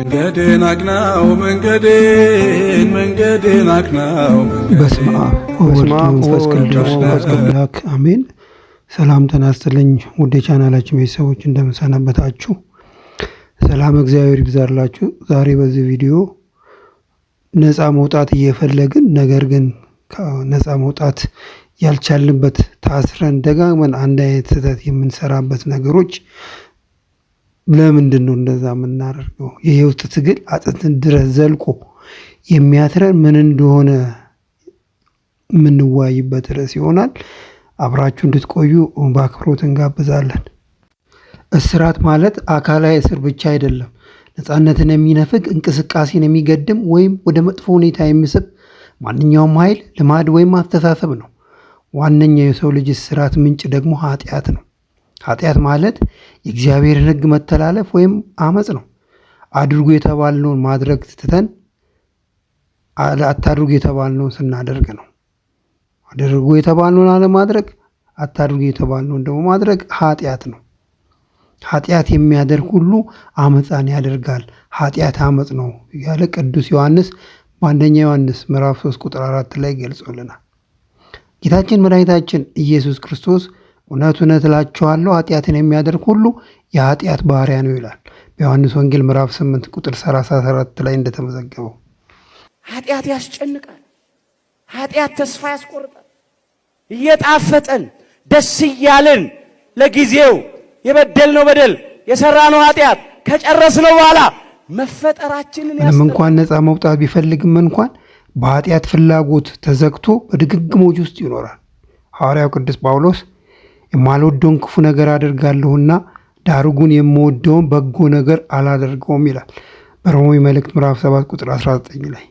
መንገድን አቅናው መንገድን መንገድን አቅናው። በስመ አብ ወመንፈስ ቅዱስ አምላክ አሜን። ሰላም ተናስትልኝ ይስጥልኝ ውድ የቻናላችን ቤተሰቦች እንደምንሰነበታችሁ፣ ሰላም እግዚአብሔር ይብዛላችሁ። ዛሬ በዚህ ቪዲዮ ነፃ መውጣት እየፈለግን ነገር ግን ነፃ መውጣት ያልቻልንበት ታስረን ደጋግመን አንድ አይነት ስህተት የምንሰራበት ነገሮች ለምንድን ነው እንደዛ የምናደርገው? የህይወት ትግል አጥንትን ድረስ ዘልቆ የሚያትረን ምን እንደሆነ የምንወያይበት ርዕስ ይሆናል። አብራችሁ እንድትቆዩ በአክብሮት እንጋብዛለን። እስራት ማለት አካላዊ እስር ብቻ አይደለም። ነፃነትን የሚነፍግ እንቅስቃሴን የሚገድም ወይም ወደ መጥፎ ሁኔታ የሚስብ ማንኛውም ኃይል፣ ልማድ ወይም አስተሳሰብ ነው። ዋነኛው የሰው ልጅ እስራት ምንጭ ደግሞ ኃጢአት ነው። ኃጢአት ማለት የእግዚአብሔርን ሕግ መተላለፍ ወይም አመፅ ነው። አድርጉ የተባልነውን ማድረግ ትተን አታድርጉ የተባልነውን ስናደርግ ነው። አድርጉ የተባልነውን አለማድረግ፣ አታድርጉ የተባልነውን ደግሞ ማድረግ ኃጢአት ነው። ኃጢአት የሚያደርግ ሁሉ አመፃን ያደርጋል፣ ኃጢአት አመፅ ነው ያለ ቅዱስ ዮሐንስ በአንደኛ ዮሐንስ ምዕራፍ 3 ቁጥር 4 ላይ ገልጾልናል። ጌታችን መድኃኒታችን ኢየሱስ ክርስቶስ እውነት እውነት እላችኋለሁ ኃጢአትን የሚያደርግ ሁሉ የኃጢአት ባሪያ ነው ይላል በዮሐንስ ወንጌል ምዕራፍ 8 ቁጥር 34 ላይ እንደተመዘገበው። ኃጢአት ያስጨንቃል። ኃጢአት ተስፋ ያስቆርጣል። እየጣፈጠን ደስ እያልን ለጊዜው የበደልነው በደል የሰራነው ኃጢአት ከጨረስነው በኋላ መፈጠራችንን ምንም እንኳን ነፃ መውጣት ቢፈልግም እንኳን በኃጢአት ፍላጎት ተዘግቶ በድግግሞች ውስጥ ይኖራል። ሐዋርያው ቅዱስ ጳውሎስ የማልወደውን ክፉ ነገር አደርጋለሁና ዳሩ ግን የምወደውን በጎ ነገር አላደርገውም ይላል በሮሜ መልእክት ምዕራፍ 7 ቁጥር 19 ላይ።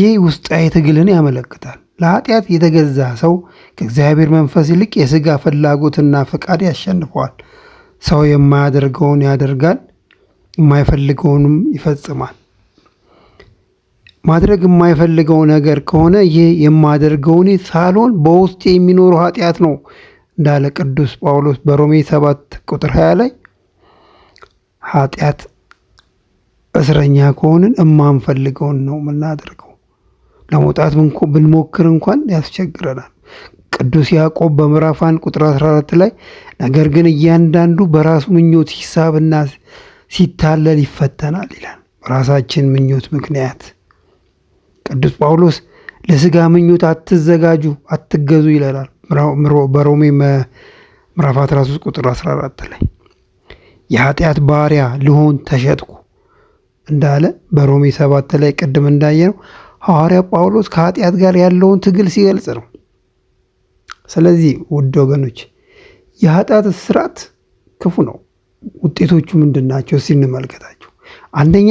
ይህ ውስጣዊ ትግልን ያመለክታል። ለኃጢአት የተገዛ ሰው ከእግዚአብሔር መንፈስ ይልቅ የሥጋ ፍላጎትና ፈቃድ ያሸንፈዋል። ሰው የማያደርገውን ያደርጋል፣ የማይፈልገውንም ይፈጽማል። ማድረግ የማይፈልገው ነገር ከሆነ ይህ የማደርገውን ሳልሆን በውስጥ የሚኖረው ኃጢአት ነው እንዳለ ቅዱስ ጳውሎስ በሮሜ 7 ቁጥር 20 ላይ ኃጢአት እስረኛ ከሆንን እማንፈልገውን ነው የምናደርገው። ለመውጣት ብንሞክር እንኳን ያስቸግረናል። ቅዱስ ያዕቆብ በምዕራፍ 1 ቁጥር 14 ላይ ነገር ግን እያንዳንዱ በራሱ ምኞት ሲሳብና ሲታለል ይፈተናል ይላል። በራሳችን ምኞት ምክንያት ቅዱስ ጳውሎስ ለስጋ ምኞት አትዘጋጁ፣ አትገዙ ይለናል። በሮሜ ምዕራፍ 13 ቁጥር 14 ላይ የኃጢአት ባሪያ ልሆን ተሸጥኩ እንዳለ በሮሜ 7 ላይ ቅድም እንዳየነው ሐዋርያ ጳውሎስ ከኃጢአት ጋር ያለውን ትግል ሲገልጽ ነው። ስለዚህ ውድ ወገኖች የኃጢአት ስርዓት ክፉ ነው። ውጤቶቹ ምንድን ናቸው? ሲንመልከታቸው፣ አንደኛ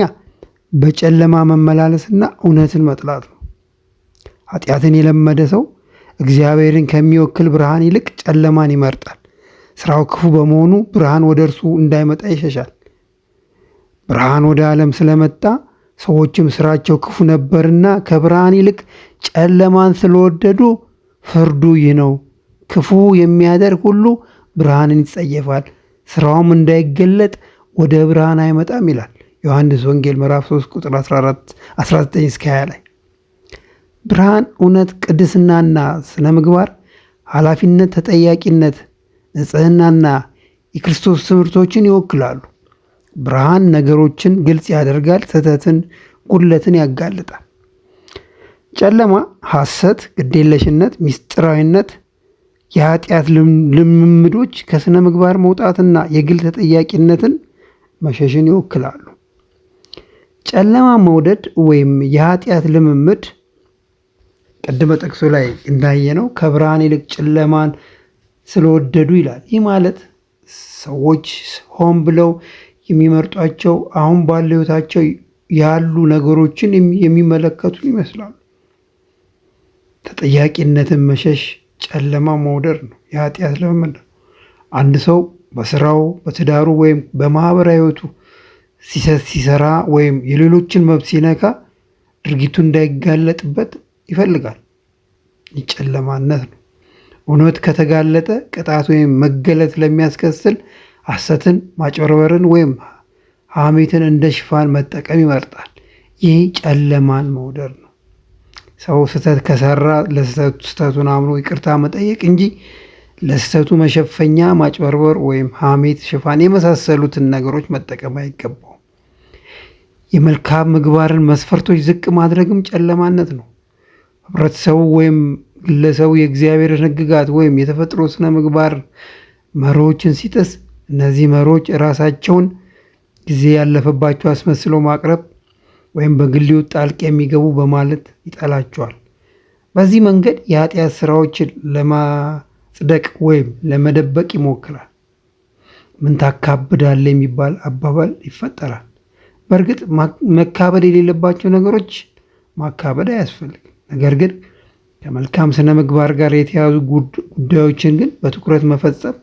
በጨለማ መመላለስና እውነትን መጥላት ነው። ኃጢአትን የለመደ ሰው እግዚአብሔርን ከሚወክል ብርሃን ይልቅ ጨለማን ይመርጣል። ስራው ክፉ በመሆኑ ብርሃን ወደ እርሱ እንዳይመጣ ይሸሻል። ብርሃን ወደ ዓለም ስለመጣ ሰዎችም ስራቸው ክፉ ነበርና ከብርሃን ይልቅ ጨለማን ስለወደዱ ፍርዱ ይህ ነው። ክፉ የሚያደርግ ሁሉ ብርሃንን ይጸየፋል፣ ስራውም እንዳይገለጥ ወደ ብርሃን አይመጣም ይላል ዮሐንስ ወንጌል ምዕራፍ 3 ቁጥር 19 እስከ 20 ላይ ብርሃን፣ እውነት፣ ቅድስናና ስነ ምግባር፣ ኃላፊነት፣ ተጠያቂነት፣ ንጽህናና የክርስቶስ ትምህርቶችን ይወክላሉ። ብርሃን ነገሮችን ግልጽ ያደርጋል፣ ስህተትን፣ ጉድለትን ያጋልጣል። ጨለማ ሐሰት፣ ግዴለሽነት፣ ምስጢራዊነት፣ የኃጢአት ልምምዶች ከሥነ ምግባር መውጣትና የግል ተጠያቂነትን መሸሽን ይወክላሉ። ጨለማ መውደድ ወይም የኃጢአት ልምምድ ቅድመ ጥቅሱ ላይ እንዳየነው ከብርሃን ይልቅ ጨለማን ስለወደዱ ይላል። ይህ ማለት ሰዎች ሆን ብለው የሚመርጧቸው አሁን ባለው ሕይወታቸው ያሉ ነገሮችን የሚመለከቱ ይመስላሉ። ተጠያቂነትን መሸሽ ጨለማ መውደድ ነው፣ የኃጢአት ልምምድ ነው። አንድ ሰው በስራው በትዳሩ ወይም በማህበራዊ ሕይወቱ ሲሰራ ወይም የሌሎችን መብት ሲነካ ድርጊቱ እንዳይጋለጥበት ይፈልጋል። ጨለማነት ነው። እውነት ከተጋለጠ ቅጣት ወይም መገለጥ ለሚያስከስል ሐሰትን፣ ማጭበርበርን ወይም ሐሜትን እንደ ሽፋን መጠቀም ይመርጣል። ይህ ጨለማን መውደር ነው። ሰው ስህተት ከሰራ ለስህተቱን አምኖ ይቅርታ መጠየቅ እንጂ ለስህተቱ መሸፈኛ ማጭበርበር ወይም ሐሜት ሽፋን የመሳሰሉትን ነገሮች መጠቀም አይገባውም። የመልካም ምግባርን መስፈርቶች ዝቅ ማድረግም ጨለማነት ነው። ህብረተሰቡ ወይም ግለሰቡ የእግዚአብሔርን ህግጋት ወይም የተፈጥሮ ስነ ምግባር መሮዎችን ሲጥስ እነዚህ መሮዎች ራሳቸውን ጊዜ ያለፈባቸው አስመስሎ ማቅረብ ወይም በግሌው ጣልቅ የሚገቡ በማለት ይጠላቸዋል። በዚህ መንገድ የኃጢአት ስራዎችን ለማጽደቅ ወይም ለመደበቅ ይሞክራል። ምን ታካብዳለ የሚባል አባባል ይፈጠራል። በእርግጥ መካበድ የሌለባቸው ነገሮች ማካበድ አያስፈልግም። ነገር ግን ከመልካም ስነ ምግባር ጋር የተያዙ ጉዳዮችን ግን በትኩረት መፈጸም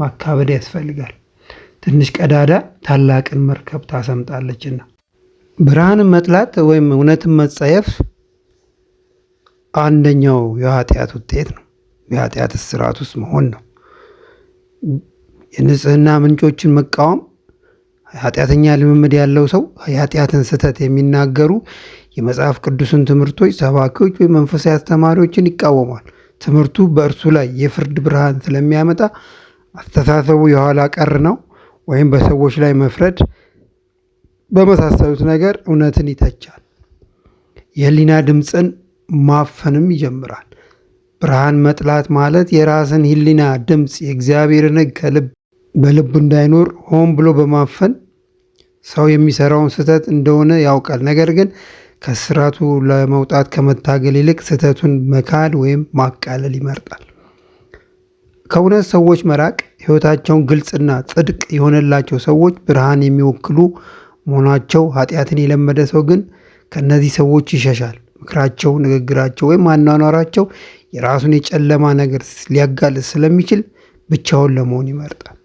ማካበድ ያስፈልጋል። ትንሽ ቀዳዳ ታላቅን መርከብ ታሰምጣለችና። ብርሃንን መጥላት ወይም እውነትን መጸየፍ አንደኛው የኃጢአት ውጤት ነው። የኃጢአት እስራት ውስጥ መሆን ነው። የንጽህና ምንጮችን መቃወም ኃጢአተኛ ልምምድ ያለው ሰው የኃጢአትን ስህተት የሚናገሩ የመጽሐፍ ቅዱስን ትምህርቶች ሰባኪዎች ወይም መንፈሳዊ አስተማሪዎችን ይቃወማል። ትምህርቱ በእርሱ ላይ የፍርድ ብርሃን ስለሚያመጣ አስተሳሰቡ የኋላ ቀር ነው፣ ወይም በሰዎች ላይ መፍረድ በመሳሰሉት ነገር እውነትን ይተቻል። የህሊና ድምፅን ማፈንም ይጀምራል። ብርሃን መጥላት ማለት የራስን ህሊና ድምፅ የእግዚአብሔርን ሕግ ከልብ በልቡ እንዳይኖር ሆን ብሎ በማፈን ሰው የሚሰራውን ስህተት እንደሆነ ያውቃል። ነገር ግን ከስራቱ ለመውጣት ከመታገል ይልቅ ስህተቱን መካድ ወይም ማቃለል ይመርጣል። ከእውነት ሰዎች መራቅ ሕይወታቸውን ግልጽና ጽድቅ የሆነላቸው ሰዎች ብርሃን የሚወክሉ መሆናቸው ኃጢአትን የለመደ ሰው ግን ከእነዚህ ሰዎች ይሸሻል። ምክራቸው፣ ንግግራቸው ወይም አኗኗራቸው የራሱን የጨለማ ነገር ሊያጋልጥ ስለሚችል ብቻውን ለመሆን ይመርጣል።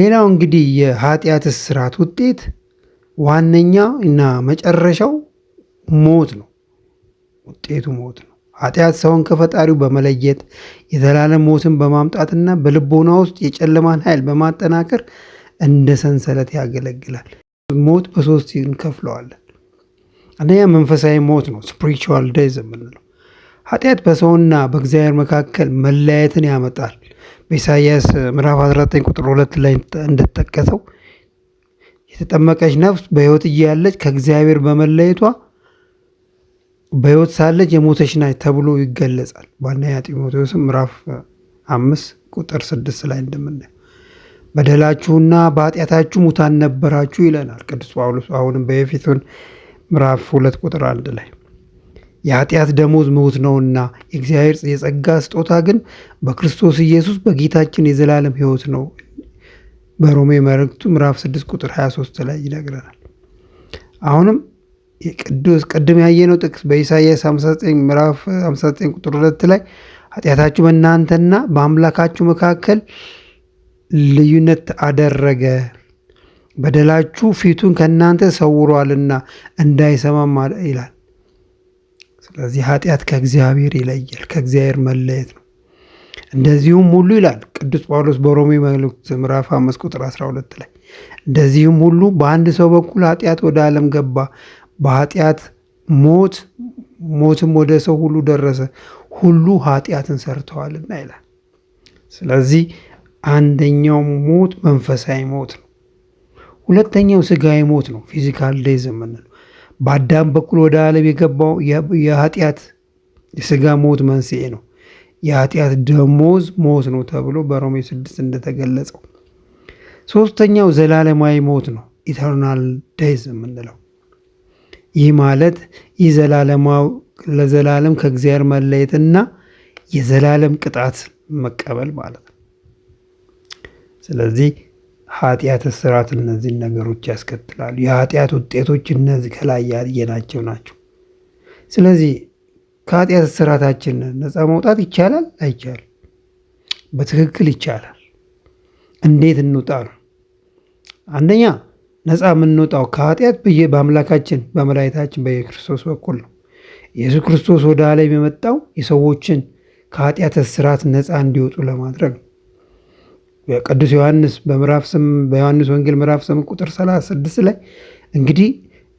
ሌላው እንግዲህ የኃጢአት እስራት ውጤት ዋነኛ እና መጨረሻው ሞት ነው። ውጤቱ ሞት ነው። ኃጢአት ሰውን ከፈጣሪው በመለየት የዘላለም ሞትን በማምጣትና በልቦና ውስጥ የጨለማን ኃይል በማጠናከር እንደ ሰንሰለት ያገለግላል። ሞት በሶስት እንከፍለዋለን። አንደኛ መንፈሳዊ ሞት ነው፣ ስፕሪቹዋል ዴዝ የምንለው። ኃጢአት በሰውና በእግዚአብሔር መካከል መለያየትን ያመጣል። በኢሳያስ ምዕራፍ 19 ቁጥር 2 ላይ እንደተጠቀሰው የተጠመቀች ነፍስ በሕይወት እያለች ከእግዚአብሔር በመለየቷ በሕይወት ሳለች የሞተች ናች ተብሎ ይገለጻል። በአንደኛ ጢሞቴዎስም ምዕራፍ አምስት ቁጥር ስድስት ላይ እንደምናየው በደላችሁና በኃጢአታችሁ ሙታን ነበራችሁ ይለናል ቅዱስ ጳውሎስ አሁንም በኤፌሶን ምዕራፍ ሁለት ቁጥር አንድ ላይ የኃጢአት ደሞዝ ሞት ነውና የእግዚአብሔር የጸጋ ስጦታ ግን በክርስቶስ ኢየሱስ በጌታችን የዘላለም ሕይወት ነው በሮሜ መልእክቱ ምዕራፍ 6 ቁጥር 23 ላይ ይነግረናል። አሁንም የቅዱስ ቅድም ያየነው ጥቅስ በኢሳይያስ 59 ምዕራፍ 59 ቁጥር 2 ላይ ኃጢአታችሁ በእናንተና በአምላካችሁ መካከል ልዩነት አደረገ፣ በደላችሁ ፊቱን ከእናንተ ሰውሯልና እንዳይሰማም ይላል። ስለዚህ ኃጢአት ከእግዚአብሔር ይለያል። ከእግዚአብሔር መለየት ነው። እንደዚሁም ሁሉ ይላል ቅዱስ ጳውሎስ በሮሜ መልእክት ምዕራፍ 5 ቁጥር 12 ላይ እንደዚህም ሁሉ በአንድ ሰው በኩል ኃጢአት ወደ ዓለም ገባ፣ በኃጢአት ሞት፣ ሞትም ወደ ሰው ሁሉ ደረሰ፣ ሁሉ ኃጢአትን ሰርተዋልና ይላል። ስለዚህ አንደኛው ሞት መንፈሳዊ ሞት ነው። ሁለተኛው ስጋዊ ሞት ነው፣ ፊዚካል ዴዝ የምንለው በአዳም በኩል ወደ ዓለም የገባው የኃጢአት የስጋ ሞት መንስኤ ነው። የኃጢአት ደሞዝ ሞት ነው ተብሎ በሮሜ 6 እንደተገለጸው፣ ሶስተኛው ዘላለማዊ ሞት ነው ኢተርናል ደዝ የምንለው። ይህ ማለት ይህ ለዘላለም ከእግዚአብሔር መለየትና የዘላለም ቅጣት መቀበል ማለት ነው። ስለዚህ ኃጢአት እስራት እነዚህን ነገሮች ያስከትላሉ። የኃጢአት ውጤቶች እነዚህ ከላይ ያየናቸው ናቸው። ስለዚህ ከኃጢአት ስራታችን ነፃ መውጣት ይቻላል አይቻል? በትክክል ይቻላል። እንዴት እንውጣ ነው? አንደኛ ነፃ የምንወጣው ከኃጢአት ብዬ በአምላካችን በመላይታችን በኢየሱስ በኩል ነው። ኢየሱስ ክርስቶስ ወደ ዓለም የመጣው የሰዎችን ከኃጢአት ስርዓት ነፃ እንዲወጡ ለማድረግ ቅዱስ ዮሐንስ በዮሐንስ ወንጌል ምዕራፍ 8 ቁጥር 36 ላይ እንግዲህ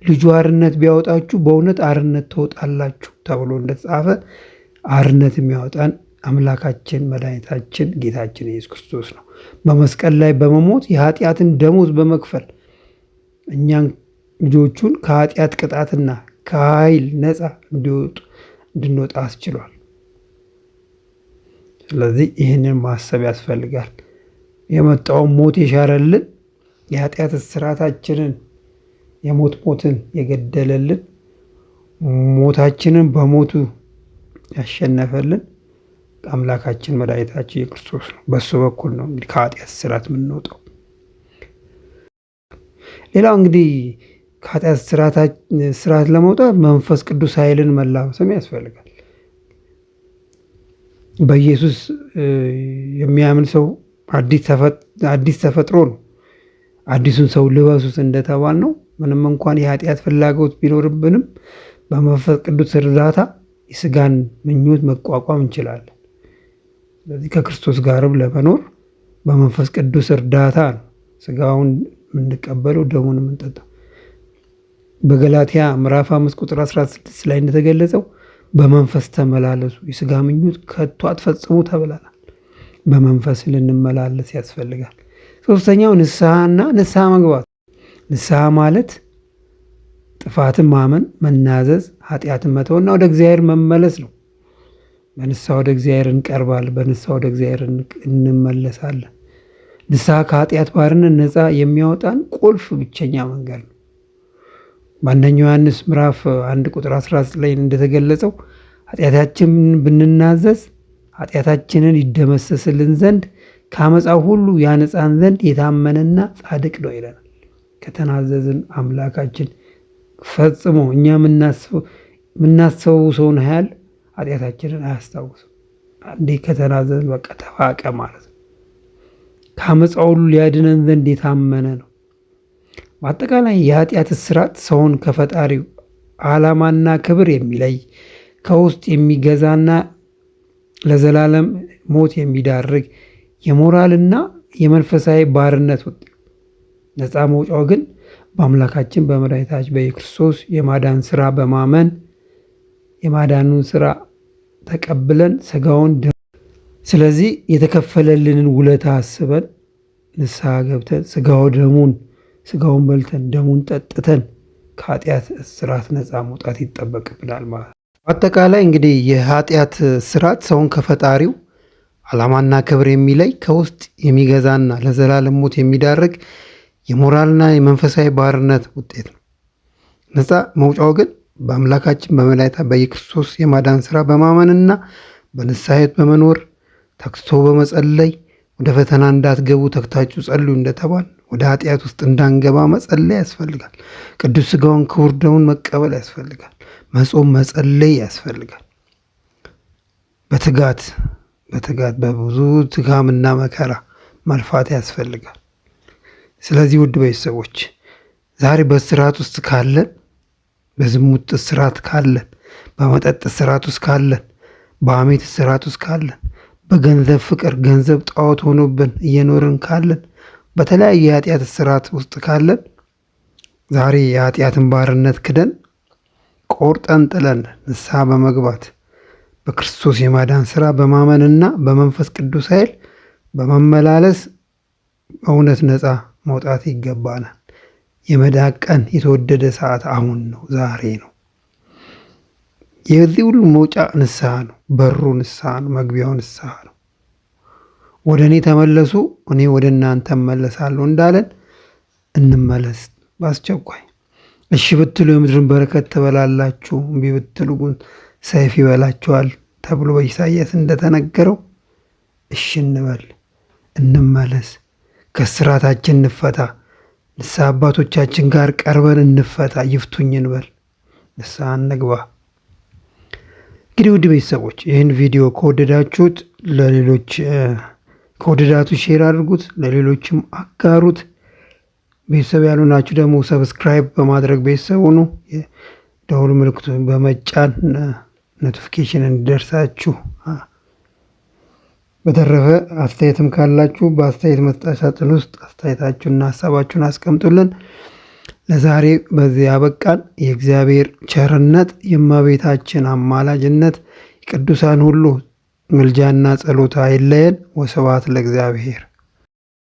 ልጁ አርነት ቢያወጣችሁ በእውነት አርነት ትወጣላችሁ ተብሎ እንደተጻፈ አርነት የሚያወጣን አምላካችን መድኃኒታችን ጌታችን ኢየሱስ ክርስቶስ ነው። በመስቀል ላይ በመሞት የኃጢአትን ደሞዝ በመክፈል እኛን ልጆቹን ከኃጢአት ቅጣትና ከኃይል ነፃ እንዲወጡ እንድንወጣ አስችሏል። ስለዚህ ይህንን ማሰብ ያስፈልጋል። የመጣውን ሞት የሻረልን የኃጢአት ስርዓታችንን የሞት ሞትን የገደለልን ሞታችንን በሞቱ ያሸነፈልን አምላካችን መድኃኒታችን የክርስቶስ ነው። በእሱ በኩል ነው እንግዲህ ከኃጢአት ስራት የምንወጣው። ሌላው እንግዲህ ከኃጢአት ስርዓት ለመውጣት መንፈስ ቅዱስ ኃይልን መላበስም ያስፈልጋል። በኢየሱስ የሚያምን ሰው አዲስ ተፈጥሮ ነው። አዲሱን ሰው ልበሱት እንደተባል ነው ምንም እንኳን የኃጢአት ፍላጎት ቢኖርብንም በመንፈስ ቅዱስ እርዳታ የስጋን ምኞት መቋቋም እንችላለን። ስለዚህ ከክርስቶስ ጋርም ለመኖር በመንፈስ ቅዱስ እርዳታ ነው ስጋውን የምንቀበለው ደሙን የምንጠጣው። በገላትያ ምዕራፍ 5 ቁጥር 16 ላይ እንደተገለጸው በመንፈስ ተመላለሱ የስጋ ምኞት ከቶ አትፈጽሙ ተብለናል። በመንፈስ ልንመላለስ ያስፈልጋል። ሶስተኛው ንስሐና ንስሐ መግባት ንስሐ ማለት ጥፋትን ማመን፣ መናዘዝ፣ ኃጢአትን መተውና ወደ እግዚአብሔር መመለስ ነው። በንስሐ ወደ እግዚአብሔር እንቀርባለን። በንስሐ ወደ እግዚአብሔር እንመለሳለን። ንስሐ ከኃጢአት ባርነት ነፃ የሚያወጣን ቁልፍ ብቸኛ መንገድ ነው። በአንደኛው ዮሐንስ ምዕራፍ አንድ ቁጥር 19 ላይ እንደተገለጸው ኃጢአታችንን ብንናዘዝ ኃጢአታችንን ይደመሰስልን ዘንድ ከአመፃ ሁሉ ያነፃን ዘንድ የታመነና ጻድቅ ነው ይለናል። ከተናዘዝን አምላካችን ፈጽሞ እኛ የምናስበው ሰውን ያህል ኃጢአታችንን አያስታውስም። አንዴ ከተናዘዝን በቃ ተፋቀ ማለት ነው። ከአመፃ ሁሉ ሊያድነን ዘንድ የታመነ ነው። በአጠቃላይ የኃጢአት እስራት ሰውን ከፈጣሪው ዓላማና ክብር የሚለይ ከውስጥ የሚገዛና ለዘላለም ሞት የሚዳርግ የሞራልና የመንፈሳዊ ባርነት ውጤት ነፃ መውጫው ግን በአምላካችን በመድኃኒታችን በኢየሱስ የማዳን ስራ በማመን የማዳኑን ስራ ተቀብለን ስጋውን ስለዚህ የተከፈለልንን ውለታ አስበን ንስሐ ገብተን ስጋው ደሙን ስጋውን በልተን ደሙን ጠጥተን ከኃጢአት ስርዓት ነፃ መውጣት ይጠበቅብናል ማለት ነው። እንግዲህ የኃጢአት ስርዓት ሰውን ከፈጣሪው ዓላማና ክብር የሚለይ ከውስጥ የሚገዛና ለዘላለም ሞት የሚዳርግ የሞራልና የመንፈሳዊ ባርነት ውጤት ነው። ነፃ መውጫው ግን በአምላካችን በመላይታ በየክርስቶስ የማዳን ስራ በማመንና በንስሐ በመኖር ተክቶ በመጸለይ ወደ ፈተና እንዳትገቡ ተግታችሁ ጸልዩ እንደተባል ወደ ኃጢአት ውስጥ እንዳንገባ መጸለይ ያስፈልጋል። ቅዱስ ስጋውን ክቡር ደሙን መቀበል ያስፈልጋል። መጾም፣ መጸለይ ያስፈልጋል። በትጋት በትጋት በብዙ ትጋምና መከራ ማልፋት ያስፈልጋል። ስለዚህ ውድ ቤተሰቦች ዛሬ በስርዓት ውስጥ ካለን፣ በዝሙት ስርዓት ካለን፣ በመጠጥ ስርዓት ውስጥ ካለን፣ በአሜት ስርዓት ውስጥ ካለን፣ በገንዘብ ፍቅር ገንዘብ ጣዖት ሆኖብን እየኖርን ካለን፣ በተለያየ የኃጢአት ስርዓት ውስጥ ካለን ዛሬ የኃጢአትን ባርነት ክደን ቆርጠን ጥለን ንስሐ በመግባት በክርስቶስ የማዳን ስራ በማመንና በመንፈስ ቅዱስ ኃይል በመመላለስ እውነት ነፃ መውጣት ይገባናል። የመዳን ቀን የተወደደ ሰዓት አሁን ነው፣ ዛሬ ነው። የዚህ ሁሉ መውጫ ንስሐ ነው። በሩ ንስሐ ነው። መግቢያው ንስሐ ነው። ወደ እኔ ተመለሱ እኔ ወደ እናንተ እመለሳለሁ እንዳለን እንመለስ በአስቸኳይ። እሺ ብትሉ የምድርን በረከት ትበላላችሁ፣ እምቢ ብትሉ ግን ሰይፍ ይበላችኋል ተብሎ በኢሳያስ እንደተነገረው እሺ እንበል፣ እንመለስ። ከስራታችን እንፈታ። ንስሐ አባቶቻችን ጋር ቀርበን እንፈታ፣ ይፍቱኝ እንበል፣ ንስሐ እንግባ። እንግዲህ ውድ ቤተሰቦች ይህን ቪዲዮ ከወደዳችሁት ለሌሎች ከወደዳቱ ሼር አድርጉት፣ ለሌሎችም አጋሩት። ቤተሰብ ያሉ ናችሁ ደግሞ ሰብስክራይብ በማድረግ ቤተሰብ ሁኑ። ደውል ምልክቱን በመጫን ኖቲፊኬሽን እንዲደርሳችሁ በተረፈ አስተያየትም ካላችሁ በአስተያየት መስጫ ሳጥን ውስጥ አስተያየታችሁና ሀሳባችሁን አስቀምጡልን። ለዛሬ በዚህ ያበቃል። የእግዚአብሔር ቸርነት፣ የእመቤታችን አማላጅነት፣ የቅዱሳን ሁሉ ምልጃና ጸሎታ አይለየን። ወስብሐት ለእግዚአብሔር።